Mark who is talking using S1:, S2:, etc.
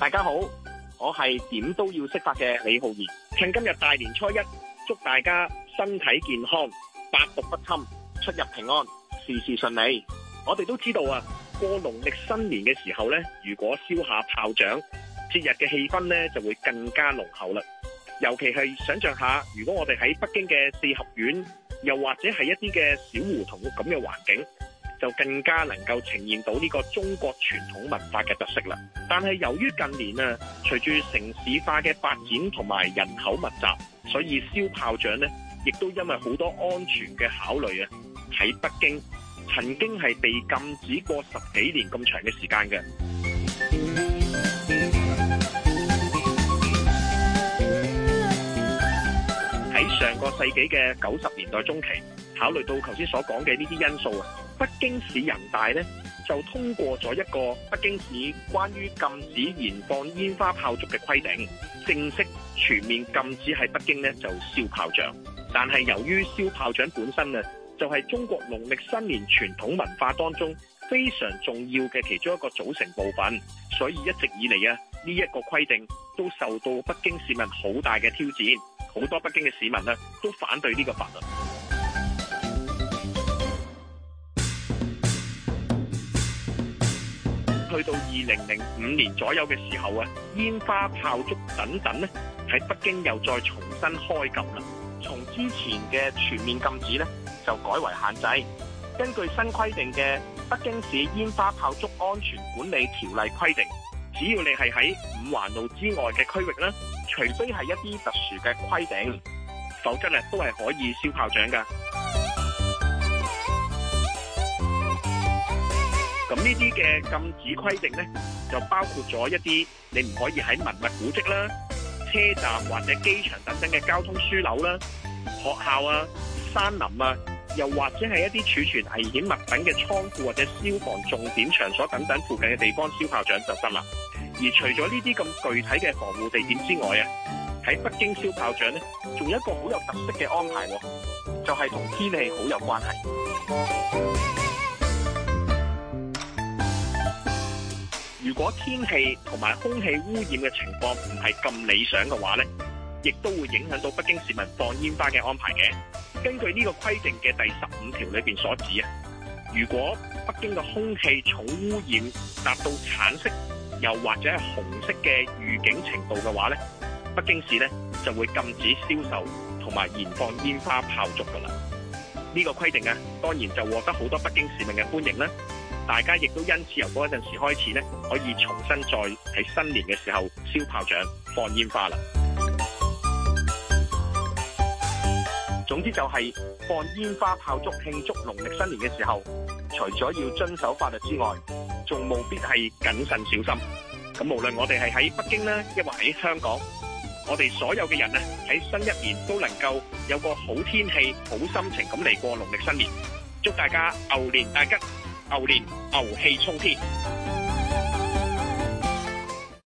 S1: 大家好，我係點都要識法嘅李浩然。趁今日大年初一，祝大家身體健康、百毒不侵、出入平安、事事順利。我哋都知道啊，過農曆新年嘅時候呢，如果燒下炮仗，節日嘅氣氛呢就會更加濃厚啦。尤其係想象下，如果我哋喺北京嘅四合院，又或者係一啲嘅小胡同咁嘅環境。就更加能夠呈現到呢個中國傳統文化嘅特色啦。但係由於近年啊，隨住城市化嘅發展同埋人口密集，所以燒炮仗呢亦都因為好多安全嘅考慮啊，喺北京曾經係被禁止過十幾年咁長嘅時間嘅。喺上個世紀嘅九十年代中期，考慮到頭先所講嘅呢啲因素啊。北京市人大咧，就通過咗一個北京市關於禁止燃放煙花炮竹嘅規定，正式全面禁止喺北京咧就燒炮仗。但係由於燒炮仗本身啊，就係中國農曆新年傳統文化當中非常重要嘅其中一個組成部分，所以一直以嚟啊，呢一個規定都受到北京市民好大嘅挑戰，好多北京嘅市民咧都反對呢個法律。去到二零零五年左右嘅時候啊，煙花炮竹等等咧喺北京又再重新開禁啦。從之前嘅全面禁止咧，就改為限制。根據新規定嘅《北京市煙花炮竹安全管理條例》規定，只要你係喺五環路之外嘅區域咧，除非係一啲特殊嘅規定，否則咧都係可以燒炮仗㗎。咁呢啲嘅禁止規定呢，就包括咗一啲你唔可以喺文物古蹟啦、車站或者機場等等嘅交通樞紐啦、學校啊、山林啊，又或者係一啲儲存危險物品嘅倉庫或者消防重點場所等等附近嘅地方燒炮仗就得啦。而除咗呢啲咁具體嘅防護地點之外啊，喺北京燒炮仗呢，仲有一個好有特色嘅安排喎、啊，就係、是、同天氣好有關係。如果天氣同埋空氣污染嘅情況唔係咁理想嘅話呢，亦都會影響到北京市民放煙花嘅安排嘅。根據呢個規定嘅第十五條裏面所指啊，如果北京嘅空氣重污染達到橙色又或者紅色嘅預警程度嘅話呢，北京市呢就會禁止銷售同埋燃放煙花炮竹噶啦。呢個規定啊，當然就獲得好多北京市民嘅歡迎啦。大家亦都因此由嗰陣時開始咧，可以重新再喺新年嘅時候燒炮仗、放煙花啦。總之就係放煙花、炮竹慶祝農曆新年嘅時候，除咗要遵守法律之外，仲務必係謹慎小心。咁無論我哋係喺北京啦，抑或喺香港，我哋所有嘅人咧喺新一年都能夠有個好天氣、好心情咁嚟過農曆新年，祝大家牛年大吉！牛年牛氣沖天。